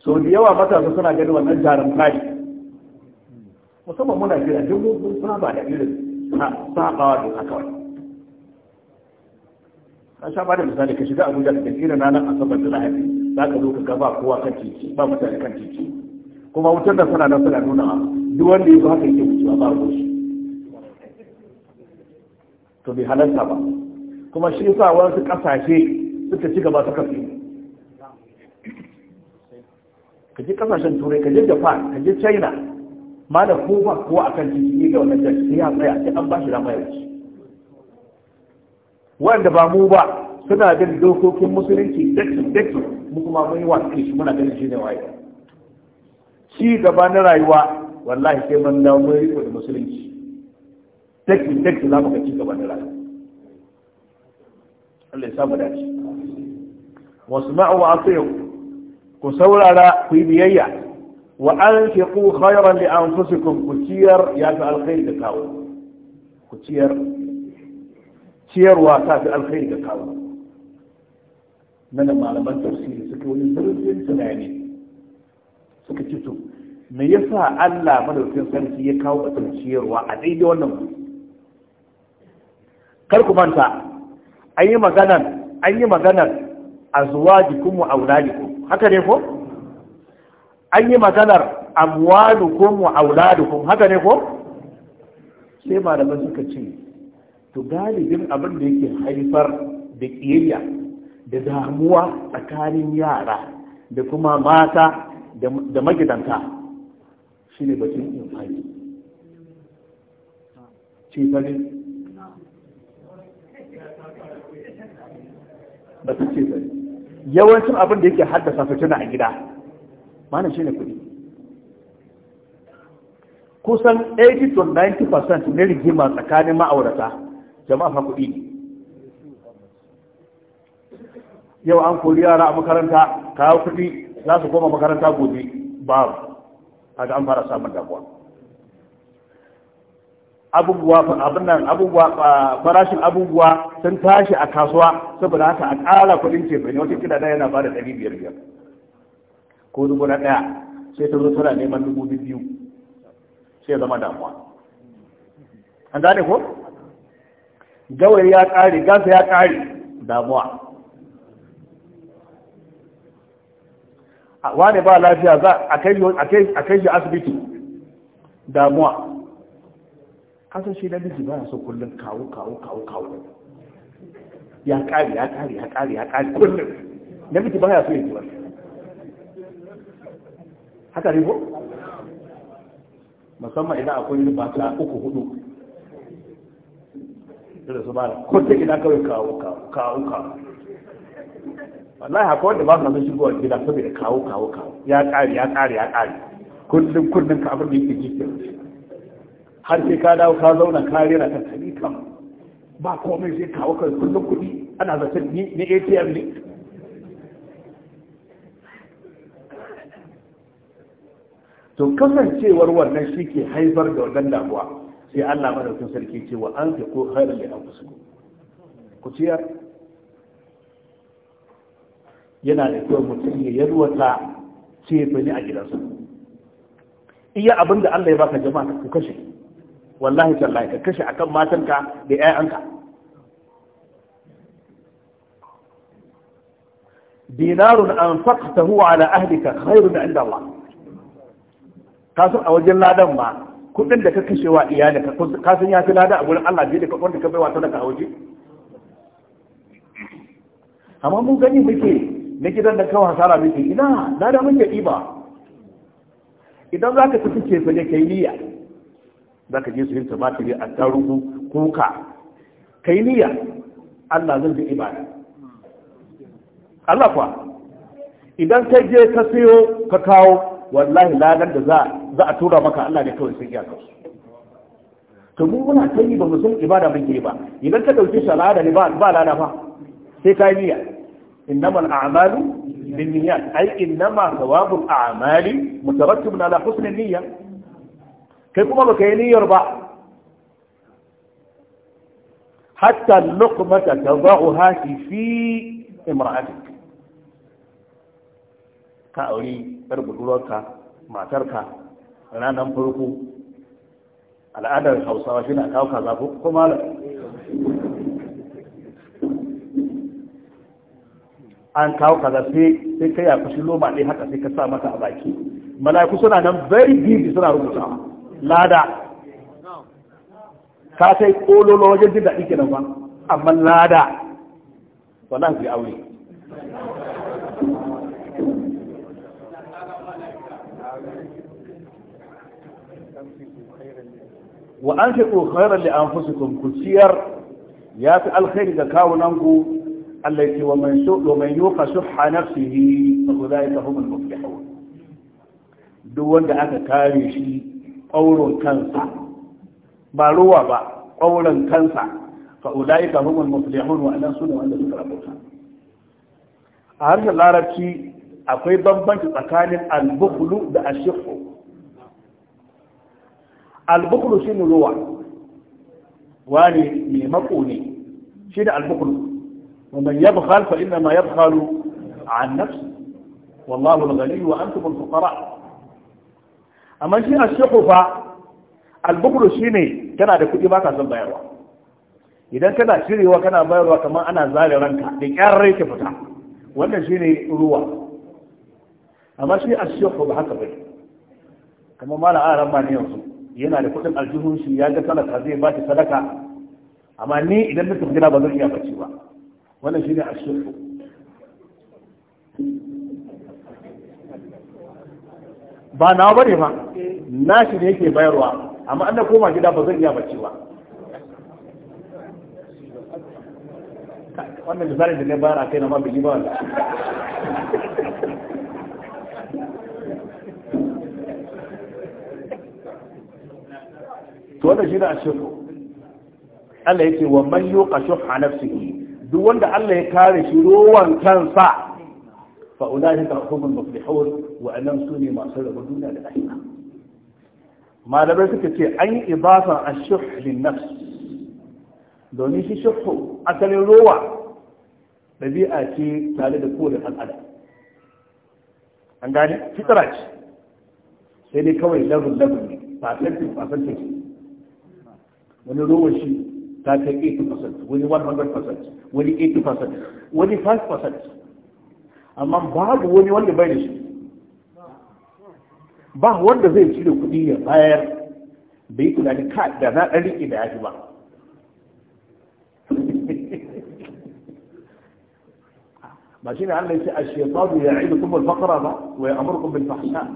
so da yawa su suna ganin wannan jarin kai musamman muna jira duk mun suna ba da irin sabawa da haka a sha ba da misali ka shiga abuja da kira na nan asabar da lahadi za ka zo ka gaba kowa kan titi ba mutane kan titi kuma wutar da suna nan suna nuna duk wanda ya zo haka yake mutuwa ba ko shi to bai halarta ba kuma shi yasa wasu kasashe suka ci gaba suka fi ka ji kasashen turai ka ji japan ka ji china ma da kofa ko a kan titi ne ga wannan jashi sai ya tsaya sai an ba shi dama ya wanda ba mu ba suna bin dokokin musulunci dakin dakin mu kuma mun yi wa shi muna ganin shi ne waye ci gaba na rayuwa wallahi sai mun dawo mun riko da musulunci take take za mu ga ci gaba da rayuwa Allah ya samu dace wasma'u wa atiyu ku saurara ku yi biyayya wa anfiqu khayran li anfusikum ku ciyar ya fi alkhairi da kawo ku ciyar ciyarwa ta fi alkhairi da kawo nan malaman tafsiri suka wani zurfin tunani suka ce to me yasa Allah madaukakin sarki ya kawo batun ciyarwa a daidai wannan kar ku manta an yi maganar an yi maganar azwajikum wa auladikum haka ne ko an yi maganar amwalukum wa auladukum haka ne ko sai malaman suka ce to galibin abin da yake haifar da kiyayya da damuwa tsakanin yara da kuma mata da magidanta shi ne batun infaki ce fari su ce fari yawancin abin da yake haddasa su tuna a gida mana shi ne kudi kusan 80 to 90% na rigima tsakanin ma'aurata jama'a fa kudi ne yau an kori yara a makaranta kawo kudi za su koma makaranta gobe babu kaga an fara samun damuwa abubuwa abin nan abubuwa farashin abubuwa sun tashi a kasuwa saboda haka a ƙara kuɗin ce, bane wata kila da yana bada ɗari biyar biyar ko dubu na ɗaya sai ta zo tana neman dubu biyu sai zama damuwa an gane ko gawayi ya ƙare gasa ya ƙare damuwa wane ba lafiya za a kai shi asibiti damuwa kasar shi namiji ba su kullum kawo kawo kawo kawo ya kari ya kari ya kari ya kari kullum namiji ba ya so yi ba haka ne ko musamman idan akwai ta uku hudu da su ba da kwanke ina kawai kawo kawo kawo kawo wallahi haka wanda ba su shigo a gida saboda kawo kawo kawo ya ƙare ya ƙare ya ƙare kullum kullum ka abin da yake gefe har sai ka dawo ka zauna ka rera ka tani kan ba komai sai kawo kai kullum kuɗi ana zaton ni ni ATM ne to kasancewar wannan shi ke haifar da wannan damuwa sai Allah madaukakin sarki ce wa an fi ko khairan li anfusikum ku ciyar yana da kyau mutum ya yi yalwata ce bane a gidansa iya abin da Allah ya baka jama'a ka kashe wallahi tallahi ka kashe akan matanka da ƴaƴanka dinarun anfaqtahu ala ahlika khairun inda Allah san a wajen ladan ba kudin da ka kashewa ka san ya fi lada a gurin Allah biyu da ka wanda ka baiwa sadaka a waje amma mun gani muke na gidan da kawai hasara miki ina na da mun gaɗi ba idan za ka tafi ke ne ka yi niyya za ka je su yin tumatiri a tarugu kuka ka yi niyya allah zan ji ibada allah kuwa idan ka je ka siyo ka kawo wallahi ladan da za a tura maka allah ne kawai sun iya kansu to mun muna ta yi ba mu san ibada mun ke ba idan ka dauke shi al'ada ne ba ba ba sai ka yi niyya إنما الأعمال بالنيات أي إنما ثواب الأعمال مترتب على حسن النية كيف ما بكيني يربع حتى اللقمة تضعها في امرأتك كأولي أربطلوك ما تركها ranar farko al'adar hausawa shi na kawo kaza ko malam an kawo kaza sai sai kai ya kushi loma ɗaya haka sai ka sa mata a baki mala'iku suna nan very busy suna rubuta lada ka kai kololo wajen jin daɗi kenan ba amma lada wannan zai aure wa an fi ƙoƙarar da an fusu ku ciyar ya fi alkhairi ga kawunanku Allah yake wa man shu wa man yuqa shuhha nafsihi fa ulaika humul wanda aka kare shi ƙaurin kansa ba ruwa ba ƙaurin kansa fa ulaika humul muflihun wa anan sunan wanda suka rabauta a harshen larabci akwai bambanci tsakanin al da ashiffu al shi shine ruwa wani ne mako ne shi da al ومن يبخل فإنما يبخل عن نفسه والله الغني وأنتم الفقراء أما جينا الشقفة البقر شيني كان على كل ما كان بيروا إذا كان شيني وكان بيروا كما أنا زال رنكا لكار ريك فتح وأنا شيني روا أما شيني الشقفة حتى بيروا كما ما لا أعلم ما نيوصل yana da kudin aljihun shi ya ga talaka zai ba ki sadaka amma ni idan na tafi gina wannan shi ne a ba na bane ba na shi ne yake bayarwa amma an na koma gida ba zan iya bacci ba wannan misalin da ne bayar a kai na ma bai yi ba wanda to wannan shi ne a sulhu Allah yake wa man yuqa shuhha nafsihi duk wanda Allah ya kare shi rowan kansa fa ulahi ka hukumul muflihun wa annam sune masu rabu duniya da lahira malamai suka ce an yi ibasan ashuh lin nafs domin shi shuhu asalin rowa ɗabi'a ce tare da kowane al'ada an gane fitara ce sai dai kawai labin labin ne fasantin fasantin wani rowa shi That's like 80% wani 100% wani 80% wani 5% amma babu wani wanda bai da shi ba wanda zai cire kuɗi ya bayar da yi tunanin ka da na ɗan riƙe da yaji ba ba shi ne Allah ya ce a shekaru ya aidu kuma fakara ba wa ya amurkun bin fahsha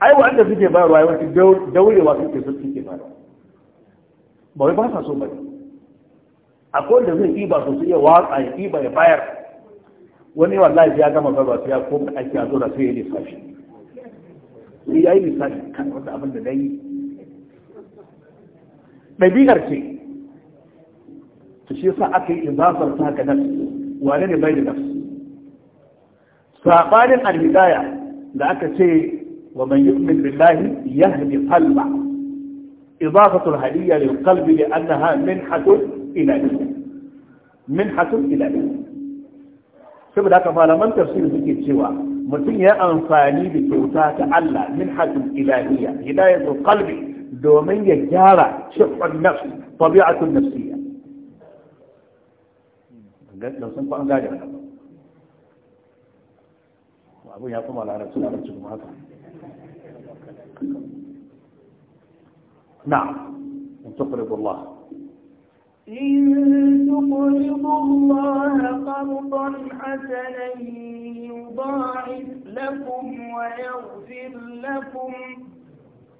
ai wa'anda suke bayarwa yawanci daurewa suke suke bayarwa ba wai ba sa so bane akwai da zai iba su iya watsa ya iba ya bayar wani wallahi ya gama ba su ya koma aiki a zura sai ya yi lissafi sai ya yi lissafi kan wata abin da na yi ɗabi'ar ce ta shi sa aka yi izafar ta ga nafs wane ne bai da nafs saɓanin alhidaya da aka ce wa man yu'min billahi yahdi qalba إضافة الهدية للقلب لأنها منحة إلهية منحة إلهية سبب ذلك فلما تفسير ذلك سوى متن يا أنفاني بكوتاة الله منحة إلهية هداية القلب دومين جارة شفع النفس طبيعة النفسية نعم إن تقرضوا الله إن تقرضوا الله قرضا حسنا يضاعف لكم ويغفر لكم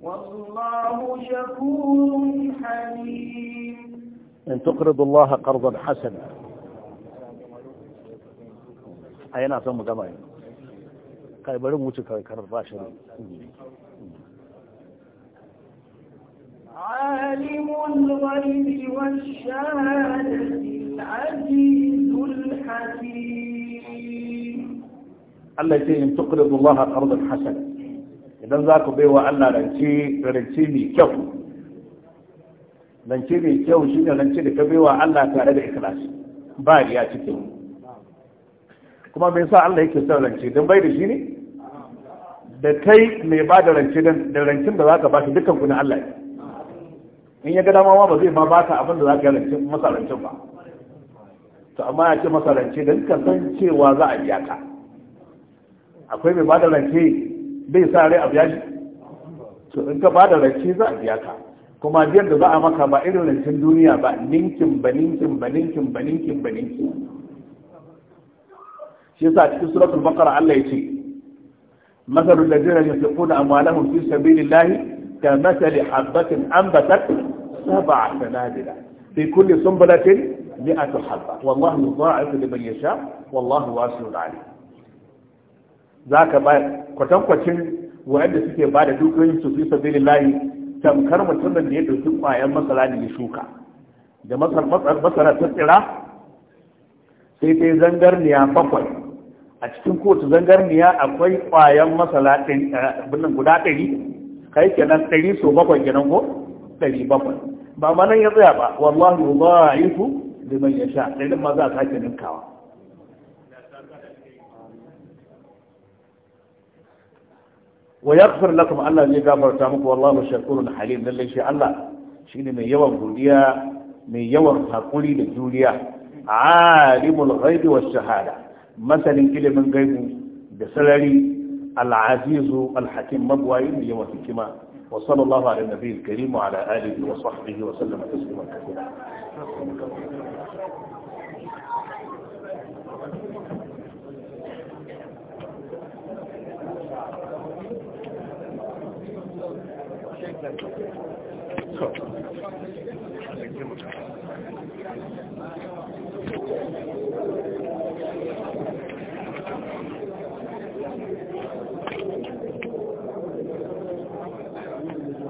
والله شكور حليم إن تقرضوا الله قرضا حسنا أين نعم، أصمك أمين قال طيب، بلو موتك كرضا شريف عالم الغيب والشهادة العزيز الحكيم الله يتي إن تقرض الله قرضا حسنا إذا ذاك بيوا الله رنتي رنتي مي كيو رنتي مي كيو شنو رنتي لك بيوا الله تعالى بإخلاص باريا تكيو kuma me yasa Allah yake son rance don bai da shi ne da kai mai ba da rance da rancin da zaka ba shi dukkan ku na Allah ne in ya ga dama ma ba zai ma baka abin da za ka yi masarancin ba to amma ya ce masarance da nika san cewa za a biya ka akwai mai bada rance bai sa rai a biya shi to in ka bada rance za a biya ka kuma biyar da za a maka ba irin rancen duniya ba ninkin ba ninkin ba ninkin ba ninkin ba ninkin shi yasa cikin suratul baqara Allah ya ce masalul ladina yunfiquna amwalahum fi sabilillahi كمثل حبة أنبتت سبع سنابل في كل سنبلة مئة حبة والله يضاعف لمن يشاء والله واسع عليم ذاك با كتم كتم وعند suke ba da dukiyoyin su fi sabili layi tamkar mutumin da ya ɗauki ƙwayan masara da ya shuka da masara ta tsira sai ta yi zangarniya bakwai a cikin kowace zangarniya akwai ƙwayan masara guda ɗari kai kenan ɗari so bakwai kenan ko ɗari bakwai ba ma nan ya tsaya ba wallahi su liman sha ɗari ma za a sake ninkawa wa ya kusur lakum Allah zai gafarta muku wallahu shakurun halin lallai shi Allah ne mai yawan godiya mai yawan hakuri da juriya alimul ghaibi wasu shahada masanin ilimin gaibu da sarari العزيز الحكيم مبوعين يوم الحكمة وصلى الله على النبي الكريم وعلى آله وصحبه وسلم تسليما كثيرا Thank you.